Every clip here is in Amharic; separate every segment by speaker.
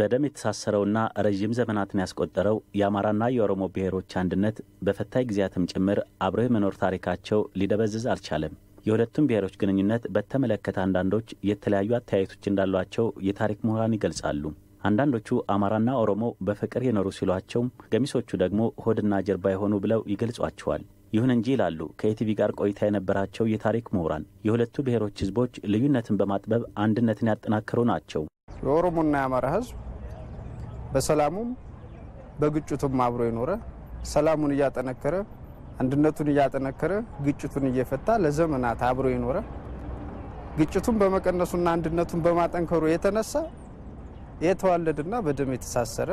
Speaker 1: በደም የተሳሰረውና ረዥም ዘመናትን ያስቆጠረው የአማራና የኦሮሞ ብሔሮች አንድነት በፈታይ ጊዜያትም ጭምር አብረው የመኖር ታሪካቸው ሊደበዝዝ አልቻለም። የሁለቱም ብሔሮች ግንኙነት በተመለከተ አንዳንዶች የተለያዩ አተያየቶች እንዳሏቸው የታሪክ ምሁራን ይገልጻሉ። አንዳንዶቹ አማራና ኦሮሞ በፍቅር የኖሩ ሲሏቸውም፣ ገሚሶቹ ደግሞ ሆድና ጀርባ የሆኑ ብለው ይገልጿቸዋል። ይሁን እንጂ ይላሉ ከኢቲቪ ጋር ቆይታ የነበራቸው የታሪክ ምሁራን፣ የሁለቱ ብሔሮች ህዝቦች ልዩነትን በማጥበብ አንድነትን ያጠናከሩ ናቸው።
Speaker 2: የኦሮሞና የአማራ ህዝብ በሰላሙም በግጭቱም አብሮ የኖረ ሰላሙን እያጠነከረ አንድነቱን እያጠነከረ ግጭቱን እየፈታ ለዘመናት አብሮ የኖረ ግጭቱን በመቀነሱና አንድነቱን በማጠንከሩ የተነሳ የተዋለደና በደም የተሳሰረ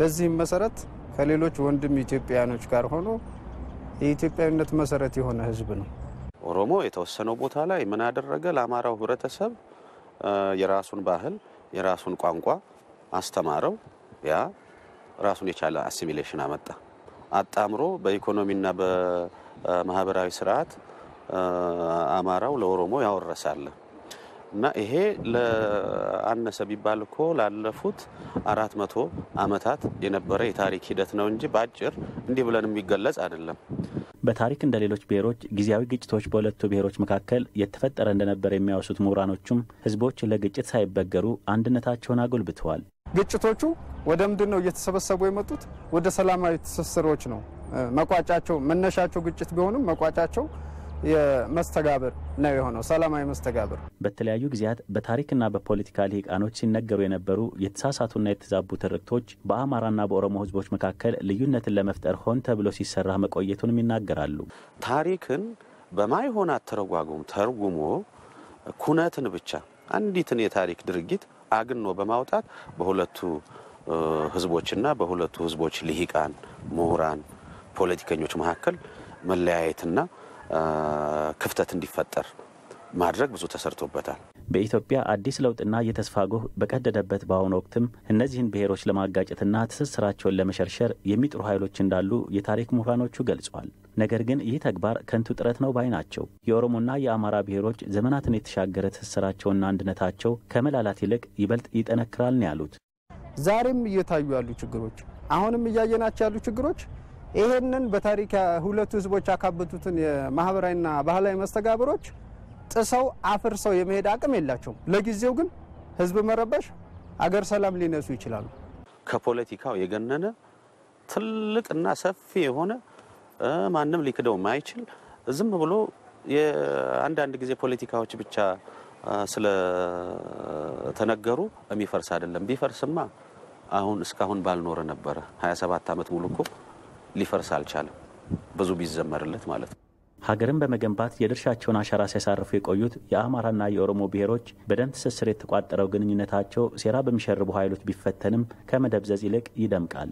Speaker 2: በዚህም መሰረት ከሌሎች ወንድም ኢትዮጵያውያኖች ጋር ሆኖ የኢትዮጵያዊነት መሰረት የሆነ ህዝብ ነው።
Speaker 3: ኦሮሞ የተወሰነው ቦታ ላይ ምን አደረገ? ለአማራው ህብረተሰብ የራሱን ባህል የራሱን ቋንቋ አስተማረው። ያ ራሱን የቻለ አሲሚሌሽን አመጣ። አጣምሮ በኢኮኖሚና በማህበራዊ ስርዓት አማራው ለኦሮሞ ያወረሳለ እና ይሄ ለአነሰ ቢባል እኮ ላለፉት አራት መቶ ዓመታት የነበረ የታሪክ ሂደት ነው እንጂ በአጭር እንዲህ ብለን የሚገለጽ አይደለም።
Speaker 1: በታሪክ እንደ ሌሎች ብሔሮች ጊዜያዊ ግጭቶች በሁለቱ ብሔሮች መካከል የተፈጠረ እንደነበረ የሚያወሱት ምሁራኖቹም ህዝቦች ለግጭት ሳይበገሩ አንድነታቸውን አጎልብተዋል።
Speaker 2: ግጭቶቹ ወደ ምንድን ነው እየተሰበሰቡ የመጡት? ወደ ሰላማዊ ትስስሮች ነው መቋጫቸው። መነሻቸው ግጭት ቢሆንም መቋጫቸው መስተጋብር ነው የሆነው፣ ሰላማዊ መስተጋብር።
Speaker 1: በተለያዩ ጊዜያት በታሪክና በፖለቲካ ሊቃኖች ሲነገሩ የነበሩ የተሳሳቱና የተዛቡ ትርክቶች በአማራና በኦሮሞ ሕዝቦች መካከል ልዩነትን ለመፍጠር ሆን ተብሎ ሲሰራ መቆየቱንም ይናገራሉ።
Speaker 3: ታሪክን በማይሆን አተረጓጉም ተርጉሞ ኩነትን ብቻ አንዲትን የታሪክ ድርጊት አግኖ በማውጣት በሁለቱ ሕዝቦችና በሁለቱ ሕዝቦች ልሂቃን፣ ምሁራን፣ ፖለቲከኞች መካከል መለያየትና ክፍተት እንዲፈጠር ማድረግ ብዙ ተሰርቶበታል።
Speaker 1: በኢትዮጵያ አዲስ ለውጥና የተስፋ ጎህ በቀደደበት በአሁኑ ወቅትም እነዚህን ብሔሮች ለማጋጨትና ትስስራቸውን ለመሸርሸር የሚጥሩ ኃይሎች እንዳሉ የታሪክ ምሁራኖቹ ገልጸዋል። ነገር ግን ይህ ተግባር ከንቱ ጥረት ነው ባይ ናቸው። የኦሮሞና የአማራ ብሔሮች ዘመናትን የተሻገረ ትስስራቸውና አንድነታቸው ከመላላት ይልቅ ይበልጥ ይጠነክራል ነው ያሉት።
Speaker 2: ዛሬም እየታዩ ያሉ ችግሮች፣ አሁንም እያየናቸው ያሉ ችግሮች ይሄንን በታሪክ ሁለቱ ህዝቦች ያካበቱትን የማህበራዊና ባህላዊ መስተጋብሮች ጥሰው አፍርሰው የመሄድ አቅም የላቸውም። ለጊዜው ግን ህዝብ መረበሽ፣ አገር ሰላም ሊነሱ ይችላሉ።
Speaker 3: ከፖለቲካው የገነነ ትልቅና ሰፊ የሆነ ማንም ሊክደው ማይችል ዝም ብሎ የአንዳንድ ጊዜ ፖለቲካዎች ብቻ ስለተነገሩ የሚፈርስ አይደለም። ቢፈርስማ አሁን እስካሁን ባልኖረ ነበረ። 27 ዓመት ሙሉ እኮ ሊፈርስ አልቻለም። ብዙ ቢዘመርለት ማለት ነው።
Speaker 1: ሀገርን በመገንባት የድርሻቸውን አሻራ ሲያሳርፉ የቆዩት የአማራና የኦሮሞ ብሔሮች በደም ትስስር የተቋጠረው ግንኙነታቸው ሴራ በሚሸርቡ ኃይሎች ቢፈተንም ከመደብዘዝ ይልቅ ይደምቃል።